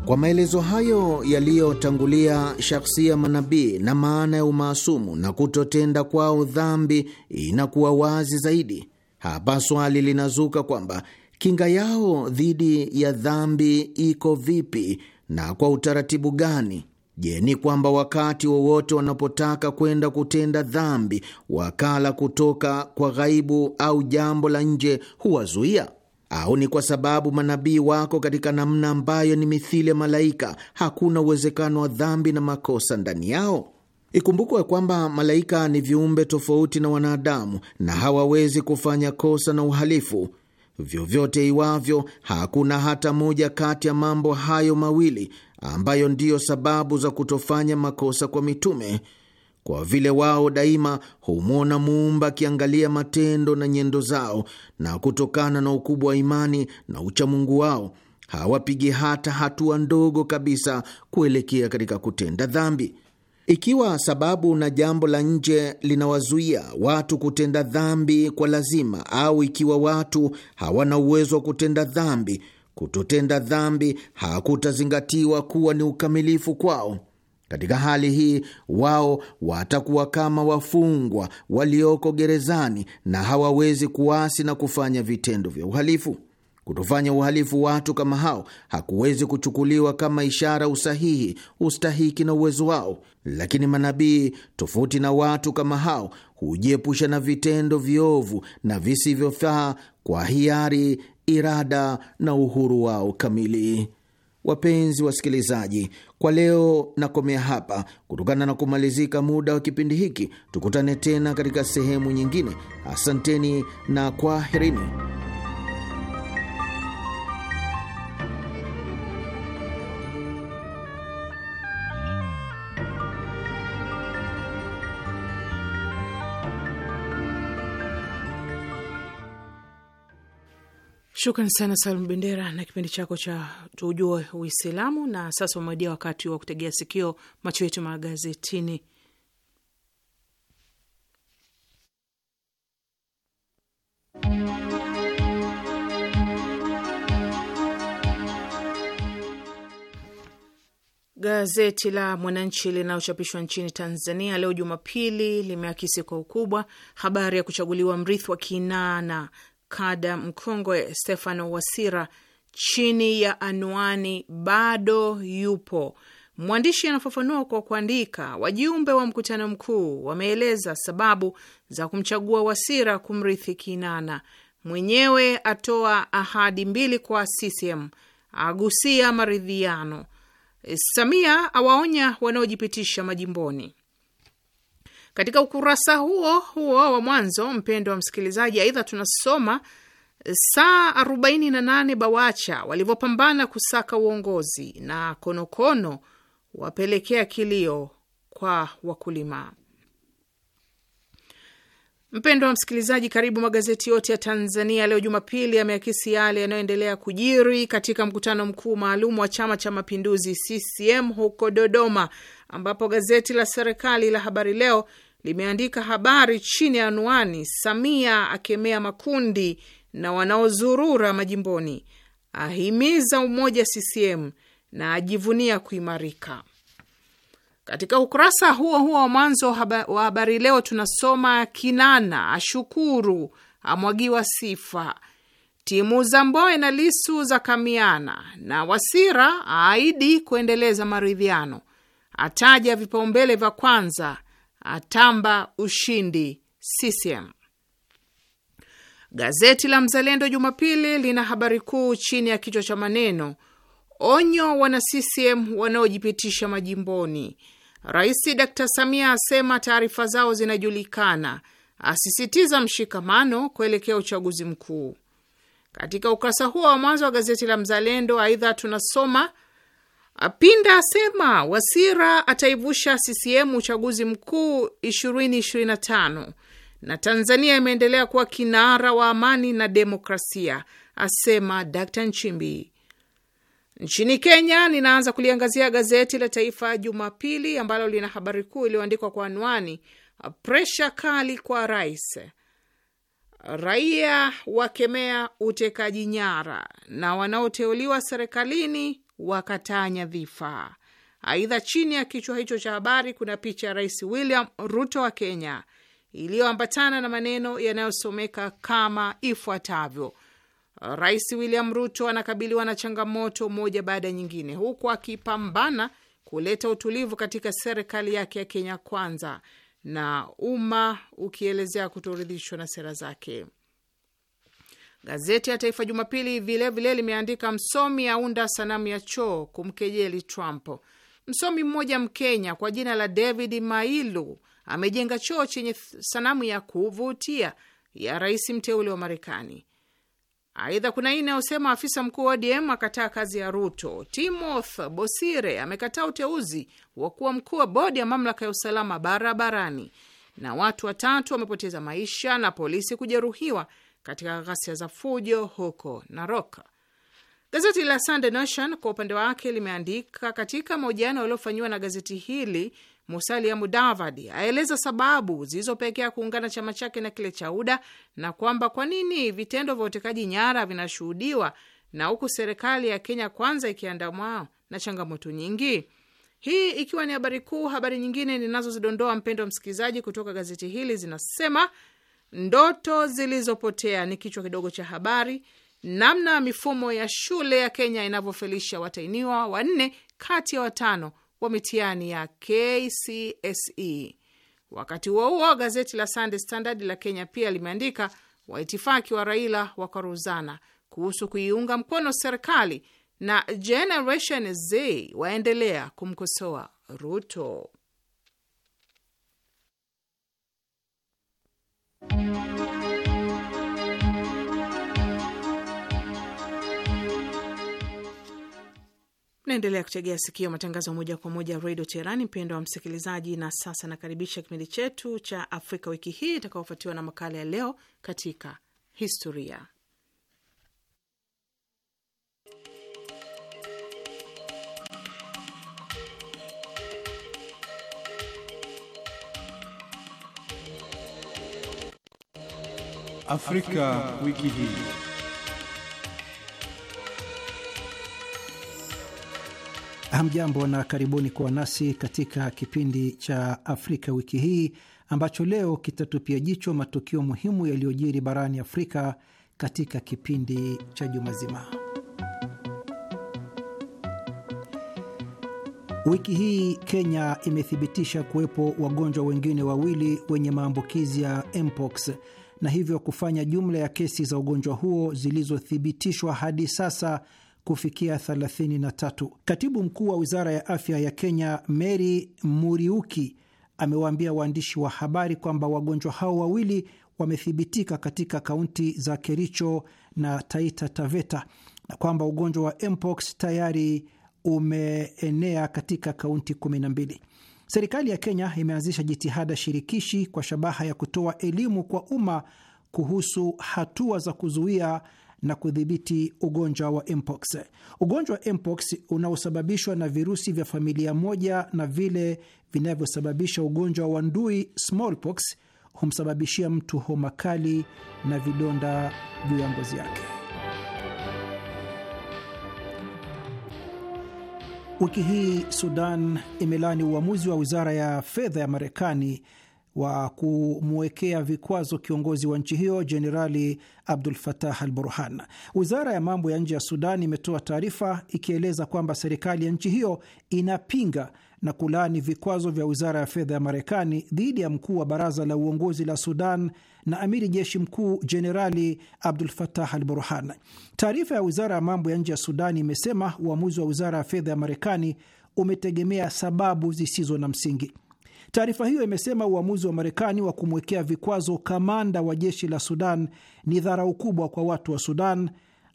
Kwa maelezo hayo yaliyotangulia shakhsia manabii na maana ya umaasumu na kutotenda kwao dhambi inakuwa wazi zaidi. Hapa swali linazuka kwamba kinga yao dhidi ya dhambi iko vipi na kwa utaratibu gani? Je, ni kwamba wakati wowote wanapotaka kwenda kutenda dhambi wakala kutoka kwa ghaibu au jambo la nje huwazuia? au ni kwa sababu manabii wako katika namna ambayo ni mithili ya malaika, hakuna uwezekano wa dhambi na makosa ndani yao? Ikumbukwe kwamba malaika ni viumbe tofauti na wanadamu na hawawezi kufanya kosa na uhalifu vyovyote iwavyo. Hakuna hata moja kati ya mambo hayo mawili ambayo ndiyo sababu za kutofanya makosa kwa mitume kwa vile wao daima humwona muumba akiangalia matendo na nyendo zao, na kutokana na ukubwa wa imani na uchamungu wao hawapigi hata hatua ndogo kabisa kuelekea katika kutenda dhambi. Ikiwa sababu na jambo la nje linawazuia watu kutenda dhambi kwa lazima, au ikiwa watu hawana uwezo wa kutenda dhambi, kutotenda dhambi hakutazingatiwa kuwa ni ukamilifu kwao. Katika hali hii wao watakuwa kama wafungwa walioko gerezani na hawawezi kuasi na kufanya vitendo vya uhalifu. Kutofanya uhalifu watu kama hao hakuwezi kuchukuliwa kama ishara usahihi, ustahiki na uwezo wao, lakini manabii, tofauti na watu kama hao, hujiepusha na vitendo viovu na visivyofaa kwa hiari, irada na uhuru wao kamili. Wapenzi wasikilizaji, kwa leo nakomea hapa kutokana na kumalizika muda wa kipindi hiki. Tukutane tena katika sehemu nyingine. Asanteni na kwaherini. Shukran sana Salum Bendera na kipindi chako cha tujue Uislamu. Na sasa umewadia wakati wa kutegea sikio macho yetu magazetini. Gazeti la Mwananchi linalochapishwa nchini Tanzania leo Jumapili limeakisi kwa ukubwa habari ya kuchaguliwa mrithi wa Kinana kada mkongwe Stefano Wasira chini ya anwani bado yupo. Mwandishi anafafanua kwa kuandika, wajumbe wa mkutano mkuu wameeleza sababu za kumchagua Wasira kumrithi Kinana. Mwenyewe atoa ahadi mbili kwa CCM, agusia maridhiano. Samia awaonya wanaojipitisha majimboni. Katika ukurasa huo huo wa mwanzo, mpendo wa msikilizaji, aidha tunasoma saa 48 Bawacha walivyopambana kusaka uongozi na konokono wapelekea kilio kwa wakulima. Mpendo wa msikilizaji, karibu magazeti yote ya Tanzania leo Jumapili yameakisi yale yanayoendelea kujiri katika mkutano mkuu maalum wa Chama cha Mapinduzi CCM huko Dodoma, ambapo gazeti la serikali la Habari Leo limeandika habari chini ya anwani Samia akemea makundi na wanaozurura majimboni, ahimiza umoja CCM na ajivunia kuimarika. Katika ukurasa huo huo wa mwanzo wa Habari Leo tunasoma Kinana ashukuru, amwagiwa sifa, timu za mboe na Lisu za kamiana, na Wasira aahidi kuendeleza maridhiano, ataja vipaumbele vya kwanza atamba ushindi CCM. Gazeti la Mzalendo Jumapili lina habari kuu chini ya kichwa cha maneno onyo wana CCM wanaojipitisha majimboni. Rais d Samia asema taarifa zao zinajulikana, asisitiza mshikamano kuelekea uchaguzi mkuu. Katika ukasa huo wa mwanzo wa gazeti la Mzalendo, aidha tunasoma Pinda asema Wasira ataivusha CCM uchaguzi mkuu 2025 na Tanzania imeendelea kuwa kinara wa amani na demokrasia, asema Dr. Nchimbi. Nchini Kenya, ninaanza kuliangazia gazeti la Taifa Jumapili ambalo lina habari kuu iliyoandikwa kwa anwani presha kali kwa rais, raia wakemea utekaji nyara na wanaoteuliwa serikalini wakatanya vifaa. Aidha, chini ya kichwa hicho cha habari kuna picha ya Rais William Ruto wa Kenya iliyoambatana na maneno yanayosomeka kama ifuatavyo: Rais William Ruto anakabiliwa na changamoto moja baada ya nyingine, huku akipambana kuleta utulivu katika serikali yake ya Kenya Kwanza, na umma ukielezea kutoridhishwa na sera zake. Gazeti ya Taifa Jumapili vilevile limeandika msomi aunda sanamu ya choo kumkejeli Trump. Msomi mmoja Mkenya kwa jina la David Mailu amejenga choo chenye sanamu ya kuvutia ya rais mteule wa Marekani. Aidha, kuna hii inayosema afisa mkuu wa ODM akataa kazi ya Ruto. Timoth Bosire amekataa uteuzi wa kuwa mkuu wa bodi ya mamlaka ya usalama barabarani, na watu watatu wamepoteza maisha na polisi kujeruhiwa katika ghasia za fujo huko Narok. Gazeti la Sunday Nation kwa upande wake limeandika katika mahojiano yaliyofanyiwa na gazeti hili, Musalia Mudavadi aeleza sababu zilizopelekea kuungana chama chake na kile cha UDA na kwamba kwa nini vitendo vya utekaji nyara vinashuhudiwa na huku serikali ya Kenya kwanza ikiandamwa na changamoto nyingi. Hii ikiwa ni habari kuu. Habari nyingine ninazozidondoa, mpendo wa msikilizaji, kutoka gazeti hili zinasema Ndoto zilizopotea ni kichwa kidogo cha habari. Namna mifumo ya shule ya Kenya inavyofelisha watainiwa wanne kati ya watano wa mitihani ya KCSE. Wakati huo huo, gazeti la Sunday Standard la Kenya pia limeandika waitifaki wa Raila wakaruzana kuhusu kuiunga mkono serikali na Generation Z waendelea kumkosoa Ruto. Naendelea kutegea sikio matangazo moja kwa moja redio Teherani, mpendo wa msikilizaji. Na sasa nakaribisha kipindi chetu cha Afrika wiki hii itakaofuatiwa na makala ya leo katika historia Afrika, wiki hii. Hamjambo na karibuni kuwa nasi katika kipindi cha Afrika wiki hii ambacho leo kitatupia jicho matukio muhimu yaliyojiri barani Afrika katika kipindi cha juma zima. Wiki hii Kenya imethibitisha kuwepo wagonjwa wengine wawili wenye maambukizi ya mpox na hivyo kufanya jumla ya kesi za ugonjwa huo zilizothibitishwa hadi sasa kufikia 33. Katibu mkuu wa wizara ya afya ya Kenya Mary Muriuki amewaambia waandishi wa habari kwamba wagonjwa hao wawili wamethibitika katika kaunti za Kericho na Taita Taveta na kwamba ugonjwa wa mpox tayari umeenea katika kaunti mbili Serikali ya Kenya imeanzisha jitihada shirikishi kwa shabaha ya kutoa elimu kwa umma kuhusu hatua za kuzuia na kudhibiti ugonjwa wa mpox. Ugonjwa wa mpox unaosababishwa na virusi vya familia moja na vile vinavyosababisha ugonjwa wa ndui smallpox humsababishia mtu homa kali na vidonda juu ya ngozi yake. Wiki hii Sudan imelani uamuzi wa wizara ya fedha ya Marekani wa kumwekea vikwazo kiongozi wa nchi hiyo Jenerali Abdul Fatah al Burhan. Wizara ya mambo ya nje ya Sudan imetoa taarifa ikieleza kwamba serikali ya nchi hiyo inapinga na kulaani vikwazo vya wizara ya fedha ya Marekani dhidi ya mkuu wa baraza la uongozi la Sudan na amiri jeshi mkuu Jenerali Abdul Fatah al Burhan. Taarifa ya wizara ya mambo ya nje ya Sudani imesema uamuzi wa wizara ya fedha ya Marekani umetegemea sababu zisizo na msingi. Taarifa hiyo imesema uamuzi wa Marekani wa kumwekea vikwazo kamanda wa jeshi la Sudan ni dharau kubwa kwa watu wa Sudan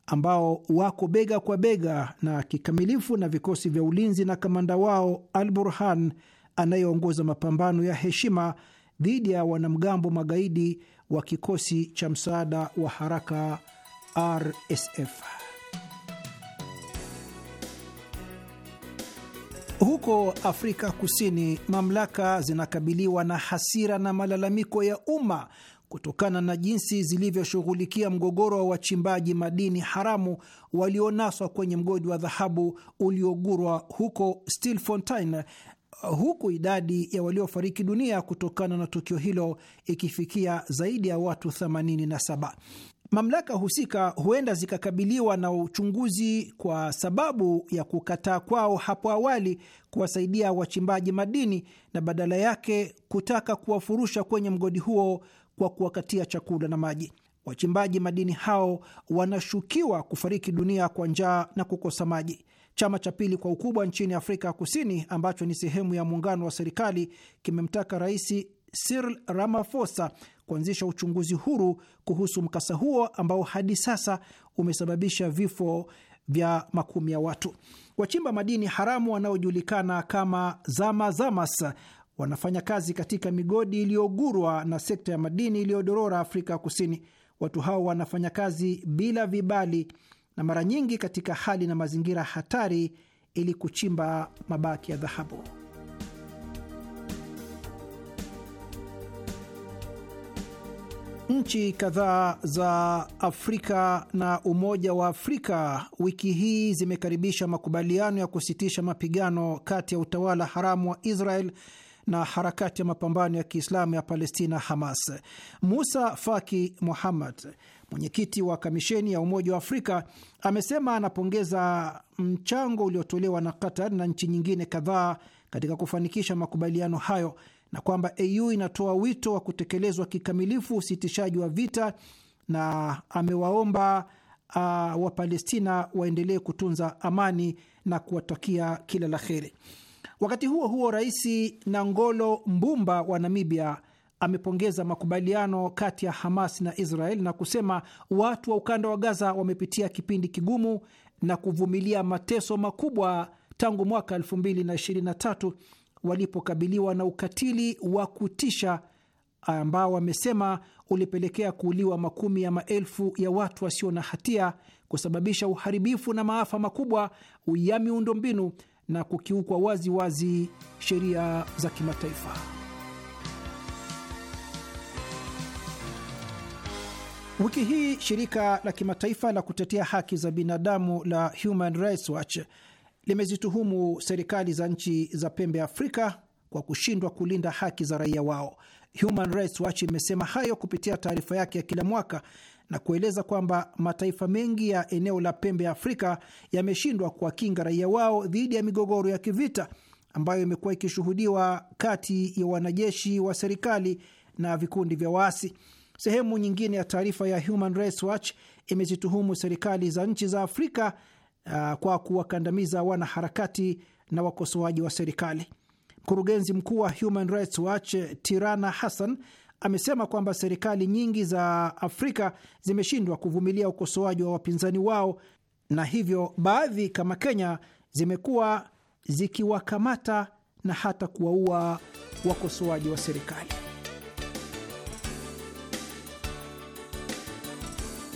ambao wako bega kwa bega na kikamilifu na vikosi vya ulinzi na kamanda wao Al Burhan anayeongoza mapambano ya heshima dhidi ya wanamgambo magaidi wa kikosi cha msaada wa haraka RSF. Huko Afrika Kusini, mamlaka zinakabiliwa na hasira na malalamiko ya umma kutokana na jinsi zilivyoshughulikia mgogoro wa wachimbaji madini haramu walionaswa kwenye mgodi wa dhahabu uliogurwa huko Stilfontein, huku idadi ya waliofariki dunia kutokana na tukio hilo ikifikia zaidi ya watu 87. Mamlaka husika huenda zikakabiliwa na uchunguzi kwa sababu ya kukataa kwao hapo awali kuwasaidia wachimbaji madini na badala yake kutaka kuwafurusha kwenye mgodi huo kwa kuwakatia chakula na maji. Wachimbaji madini hao wanashukiwa kufariki dunia kwa njaa na kukosa maji. Chama cha pili kwa ukubwa nchini Afrika ya Kusini ambacho ni sehemu ya muungano wa serikali kimemtaka Rais Cyril Ramaphosa kuanzisha uchunguzi huru kuhusu mkasa huo ambao hadi sasa umesababisha vifo vya makumi ya watu. Wachimba madini haramu wanaojulikana kama Zamazamas wanafanya kazi katika migodi iliyogurwa na sekta ya madini iliyodorora Afrika Kusini. Watu hao wanafanya kazi bila vibali na mara nyingi katika hali na mazingira hatari ili kuchimba mabaki ya dhahabu. Nchi kadhaa za Afrika na Umoja wa Afrika wiki hii zimekaribisha makubaliano ya kusitisha mapigano kati ya utawala haramu wa Israel na harakati ya mapambano ya Kiislamu ya Palestina, Hamas. Musa Faki Muhammad, mwenyekiti wa kamisheni ya Umoja wa Afrika, amesema anapongeza mchango uliotolewa na Qatar na nchi nyingine kadhaa katika kufanikisha makubaliano hayo na kwamba AU inatoa wito wa kutekelezwa kikamilifu usitishaji wa vita na amewaomba uh, Wapalestina waendelee kutunza amani na kuwatakia kila la heri. Wakati huo huo, Rais Nangolo Mbumba wa Namibia amepongeza makubaliano kati ya Hamas na Israel na kusema watu wa ukanda wa Gaza wamepitia kipindi kigumu na kuvumilia mateso makubwa tangu mwaka 2023 walipokabiliwa na ukatili wa kutisha ambao wamesema ulipelekea kuuliwa makumi ya maelfu ya watu wasio na hatia, kusababisha uharibifu na maafa makubwa ya miundombinu na kukiukwa wazi wazi sheria za kimataifa. Wiki hii shirika la kimataifa la kutetea haki za binadamu la Human Rights Watch limezituhumu serikali za nchi za pembe Afrika kwa kushindwa kulinda haki za raia wao. Human Rights Watch imesema hayo kupitia taarifa yake ya kila mwaka na kueleza kwamba mataifa mengi ya eneo la pembe ya Afrika yameshindwa kuwakinga raia wao dhidi ya migogoro ya kivita ambayo imekuwa ikishuhudiwa kati ya wanajeshi wa serikali na vikundi vya waasi. Sehemu nyingine ya taarifa ya Human Rights Watch imezituhumu serikali za nchi za Afrika uh, kwa kuwakandamiza wanaharakati na wakosoaji wa serikali. Mkurugenzi mkuu wa Human Rights Watch Tirana Hassan amesema kwamba serikali nyingi za Afrika zimeshindwa kuvumilia ukosoaji wa wapinzani wao na hivyo baadhi kama Kenya zimekuwa zikiwakamata na hata kuwaua wakosoaji wa serikali.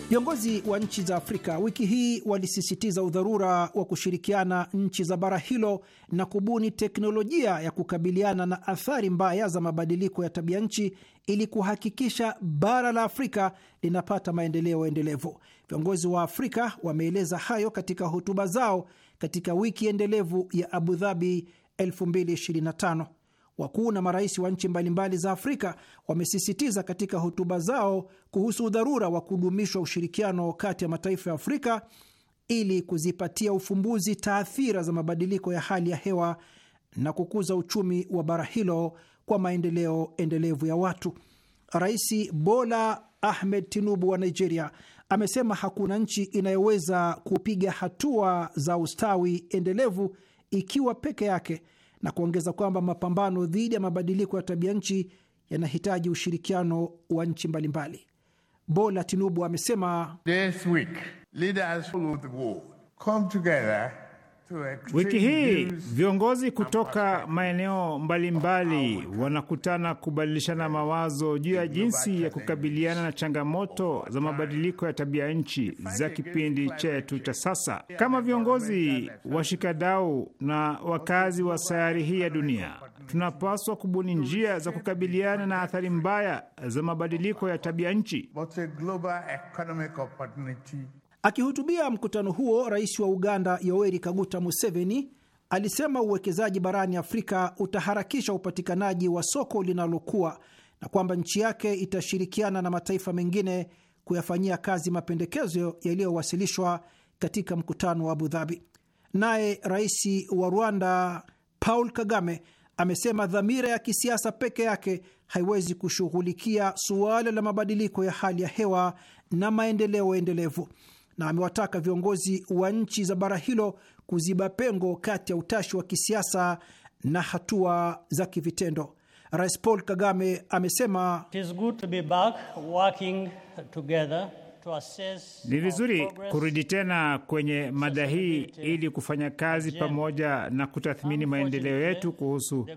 Viongozi wa nchi za Afrika wiki hii walisisitiza udharura wa kushirikiana nchi za bara hilo na kubuni teknolojia ya kukabiliana na athari mbaya za mabadiliko ya tabia nchi ili kuhakikisha bara la Afrika linapata maendeleo endelevu. Viongozi wa Afrika wameeleza hayo katika hotuba zao katika wiki endelevu ya Abu Dhabi 2025. Wakuu na marais wa nchi mbalimbali za Afrika wamesisitiza katika hotuba zao kuhusu udharura wa kudumishwa ushirikiano kati ya mataifa ya Afrika ili kuzipatia ufumbuzi taathira za mabadiliko ya hali ya hewa na kukuza uchumi wa bara hilo kwa maendeleo endelevu ya watu. Rais Bola Ahmed Tinubu wa Nigeria amesema hakuna nchi inayoweza kupiga hatua za ustawi endelevu ikiwa peke yake na kuongeza kwamba mapambano dhidi ya mabadiliko ya tabia nchi yanahitaji ushirikiano wa nchi mbalimbali. Bola Tinubu amesema This week, leaders the world come together Wiki hii viongozi kutoka maeneo mbalimbali wanakutana kubadilishana mawazo juu ya jinsi ya kukabiliana na changamoto za mabadiliko ya tabia nchi za kipindi chetu cha sasa. Kama viongozi, washikadau na wakazi wa sayari hii ya dunia, tunapaswa kubuni njia za kukabiliana na athari mbaya za mabadiliko ya tabia nchi. Akihutubia mkutano huo, rais wa Uganda Yoweri Kaguta Museveni alisema uwekezaji barani Afrika utaharakisha upatikanaji wa soko linalokuwa na kwamba nchi yake itashirikiana na mataifa mengine kuyafanyia kazi mapendekezo yaliyowasilishwa katika mkutano wa Abu Dhabi. Naye rais wa Rwanda Paul Kagame amesema dhamira ya kisiasa peke yake haiwezi kushughulikia suala la mabadiliko ya hali ya hewa na maendeleo endelevu na amewataka viongozi wa nchi za bara hilo kuziba pengo kati ya utashi wa kisiasa na hatua za kivitendo. Rais Paul Kagame amesema ni vizuri kurudi tena kwenye mada hii ili kufanya kazi pamoja na kutathmini maendeleo yetu kuhusu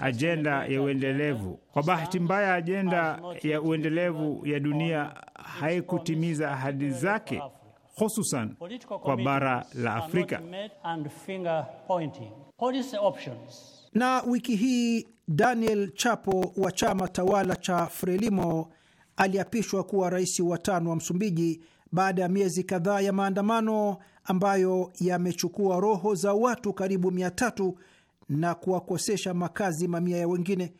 ajenda ya uendelevu. Kwa bahati mbaya, ajenda ya uendelevu ya dunia haikutimiza ahadi zake hususan kwa bara la Afrika. Na wiki hii Daniel Chapo wa chama tawala cha Frelimo aliapishwa kuwa rais wa tano wa Msumbiji baada ya miezi kadhaa ya maandamano ambayo yamechukua roho za watu karibu mia tatu na kuwakosesha makazi mamia ya wengine.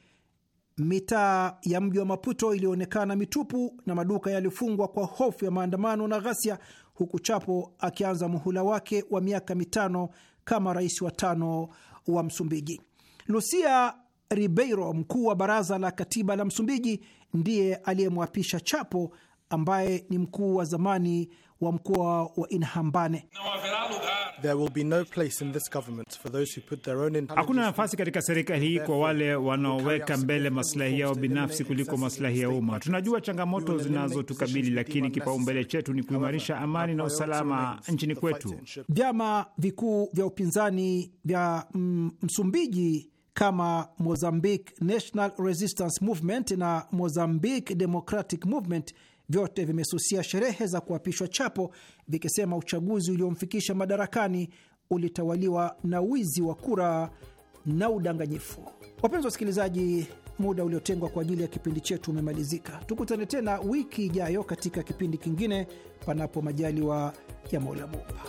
Mitaa ya mji wa Maputo ilionekana mitupu na maduka yalifungwa kwa hofu ya maandamano na ghasia, huku Chapo akianza muhula wake wa miaka mitano kama rais wa tano wa Msumbiji. Lucia Ribeiro, mkuu wa baraza la katiba la Msumbiji, ndiye aliyemwapisha Chapo ambaye ni mkuu wa zamani wa mkoa wa Inhambane. Hakuna nafasi katika serikali hii kwa wale wanaoweka mbele maslahi yao binafsi kuliko maslahi ya umma. Tunajua changamoto zinazotukabili, lakini kipaumbele chetu ni kuimarisha amani na usalama nchini kwetu. Vyama vikuu vya upinzani vya mm, Msumbiji kama Mozambique National Resistance Movement na Mozambique Democratic Movement vyote vimesusia sherehe za kuapishwa Chapo vikisema uchaguzi uliomfikisha madarakani ulitawaliwa na wizi wa kura na udanganyifu. Wapenzi wa wasikilizaji, muda uliotengwa kwa ajili ya kipindi chetu umemalizika. Tukutane tena wiki ijayo katika kipindi kingine, panapo majaliwa ya Mola Muumba.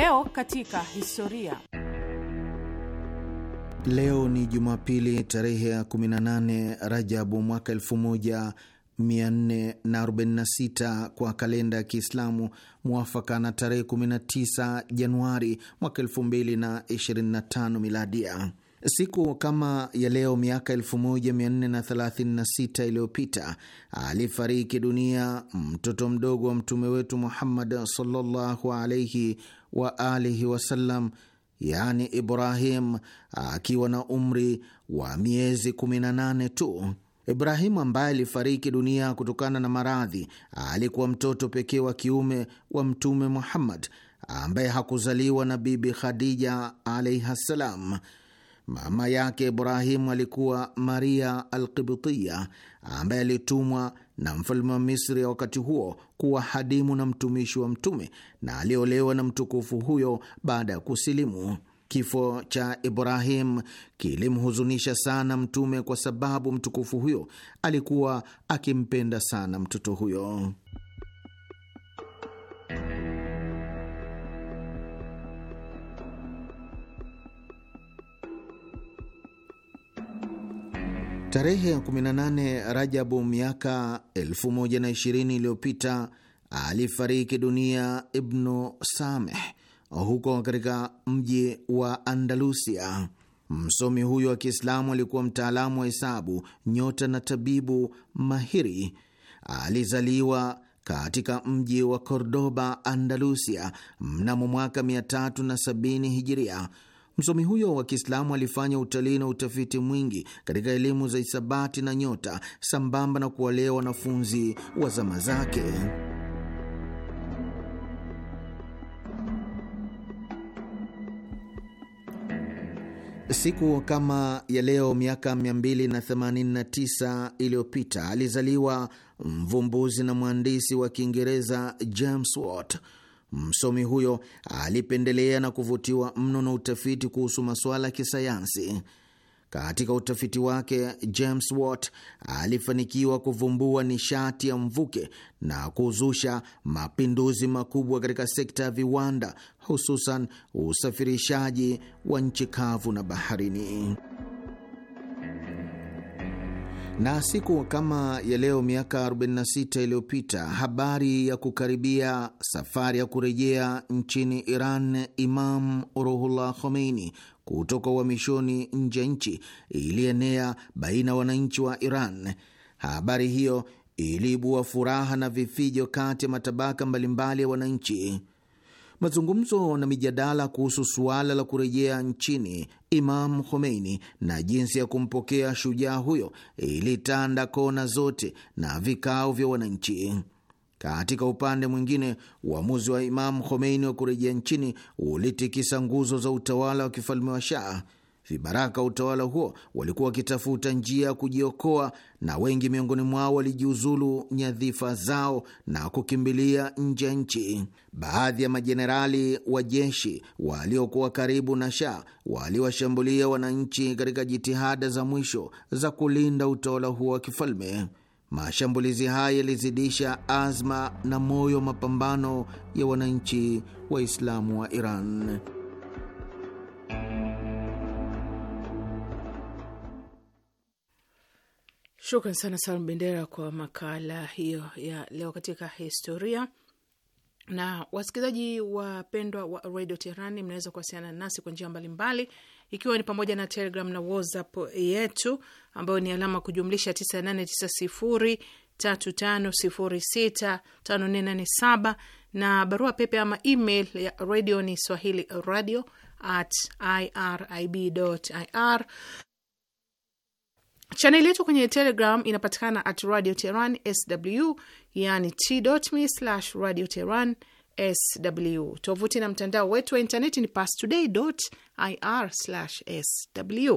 Leo katika historia. Leo ni Jumapili tarehe ya 18 Rajabu mwaka 1446 kwa kalenda ya Kiislamu, mwafaka na tarehe 19 Januari mwaka 2025 miladia. Siku kama ya leo miaka 1436 iliyopita alifariki dunia mtoto mdogo wa mtume wetu Muhammad sallallahu alaihi wa alihi wasallam, yani Ibrahim akiwa na umri wa miezi 18 tu. Ibrahimu ambaye alifariki dunia kutokana na maradhi alikuwa mtoto pekee wa kiume wa Mtume Muhammad ambaye hakuzaliwa na Bibi Khadija alaihi ssalam. Mama yake Ibrahimu alikuwa Maria Alkibtiya, ambaye alitumwa na mfalme wa Misri ya wakati huo kuwa hadimu na mtumishi wa Mtume, na aliolewa na mtukufu huyo baada ya kusilimu. Kifo cha Ibrahim kilimhuzunisha sana Mtume kwa sababu mtukufu huyo alikuwa akimpenda sana mtoto huyo. Tarehe ya 18 Rajabu miaka 1020 iliyopita alifariki dunia Ibnu Sameh huko katika mji wa Andalusia. Msomi huyo wa Kiislamu alikuwa mtaalamu wa hesabu, nyota na tabibu mahiri. Alizaliwa katika mji wa Cordoba, Andalusia mnamo mwaka 370 hijiria Msomi huyo wa Kiislamu alifanya utalii na utafiti mwingi katika elimu za hisabati na nyota, sambamba na kuwalea wanafunzi wa zama zake. Siku kama ya leo miaka 289 iliyopita alizaliwa mvumbuzi na mhandisi wa Kiingereza James Watt. Msomi huyo alipendelea na kuvutiwa mno na utafiti kuhusu masuala ya kisayansi. Katika utafiti wake James Watt alifanikiwa kuvumbua nishati ya mvuke na kuzusha mapinduzi makubwa katika sekta ya viwanda, hususan usafirishaji wa nchi kavu na baharini. Na siku kama ya leo miaka 46 iliyopita habari ya kukaribia safari ya kurejea nchini Iran Imam Ruhullah Khomeini kutoka uhamishoni nje ya nchi ilienea baina ya wananchi wa Iran. Habari hiyo iliibua furaha na vifijo kati ya matabaka mbalimbali ya wananchi mazungumzo na mijadala kuhusu suala la kurejea nchini Imam Khomeini na jinsi ya kumpokea shujaa huyo ilitanda kona zote na vikao vya wananchi. Katika upande mwingine, uamuzi wa Imam Khomeini wa kurejea nchini ulitikisa nguzo za utawala wa kifalme wa Shah. Vibaraka utawala huo walikuwa wakitafuta njia ya kujiokoa, na wengi miongoni mwao walijiuzulu nyadhifa zao na kukimbilia nje ya nchi. Baadhi ya majenerali wa jeshi waliokuwa karibu na Shah waliwashambulia wananchi katika jitihada za mwisho za kulinda utawala huo wa kifalme. Mashambulizi haya yalizidisha azma na moyo mapambano ya wananchi Waislamu wa Iran. Shukran sana Salum Bendera kwa makala hiyo ya leo katika historia. Na wasikilizaji wapendwa wa redio tirani mnaweza kuwasiliana nasi kwa njia mbalimbali, ikiwa ni pamoja na Telegram na WhatsApp yetu ambayo ni alama kujumlisha 989035065487 na barua pepe ama email ya redio ni swahili radio at irib.ir Chaneli yetu kwenye Telegram inapatikana at Radio Teheran sw, yani t.me slash Radio Teheran sw. Tovuti na mtandao wetu wa intaneti ni pastoday.ir sw.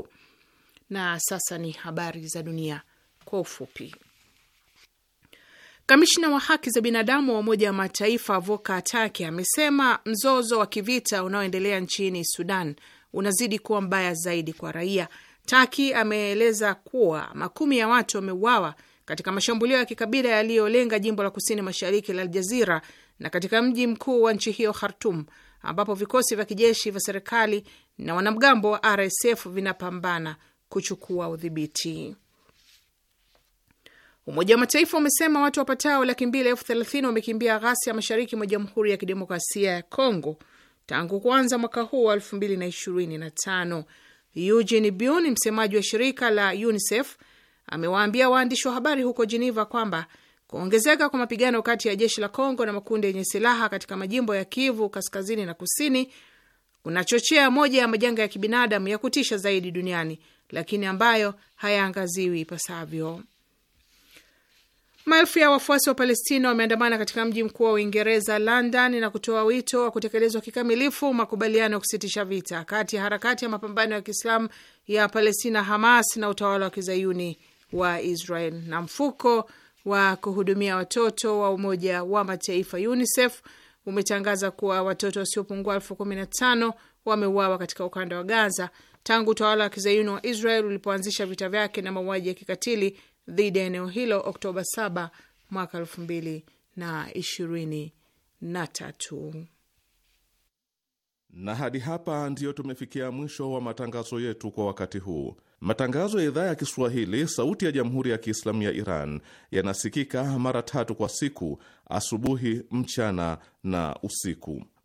Na sasa ni habari za dunia kwa ufupi. Kamishna wa haki za binadamu wa Umoja wa Mataifa Voka Atake amesema mzozo wa kivita unaoendelea nchini Sudan unazidi kuwa mbaya zaidi kwa raia Taki ameeleza kuwa makumi ya watu wameuawa katika mashambulio ya kikabila yaliyolenga jimbo la kusini mashariki la Aljazira na katika mji mkuu wa nchi hiyo Khartum, ambapo vikosi vya kijeshi vya serikali na wanamgambo wa RSF vinapambana kuchukua udhibiti. Umoja wa Mataifa umesema watu wapatao laki mbili elfu thelathini wamekimbia ghasia mashariki mwa Jamhuri ya Kidemokrasia ya Kongo tangu kuanza mwaka huu wa elfu mbili na ishirini na tano. Eugene bun msemaji wa shirika la UNICEF, amewaambia waandishi wa habari huko Geneva kwamba kuongezeka kwa mapigano kati ya jeshi la Kongo na makundi yenye silaha katika majimbo ya Kivu kaskazini na kusini kunachochea moja ya majanga ya kibinadamu ya kutisha zaidi duniani, lakini ambayo hayaangaziwi ipasavyo. Maelfu ya wafuasi wa Palestina wameandamana katika mji mkuu wa Uingereza, London, na kutoa wito wa kutekelezwa kikamilifu makubaliano ya kusitisha vita kati ya harakati ya mapambano ya Kiislamu ya Palestina, Hamas, na utawala wa kizayuni wa Israel. Na mfuko wa kuhudumia watoto wa Umoja wa Mataifa, UNICEF, umetangaza kuwa watoto wasiopungua elfu kumi na tano wameuawa katika ukanda wa Gaza tangu utawala wa kizayuni wa Israel ulipoanzisha vita vyake na mauaji ya kikatili dhidi ya eneo hilo Oktoba 7 mwaka elfu mbili na ishirini na tatu. Na hadi hapa ndiyo tumefikia mwisho wa matangazo yetu kwa wakati huu. Matangazo ya idhaa ya Kiswahili sauti ya jamhuri ya Kiislamu ya Iran yanasikika mara tatu kwa siku: asubuhi, mchana na usiku.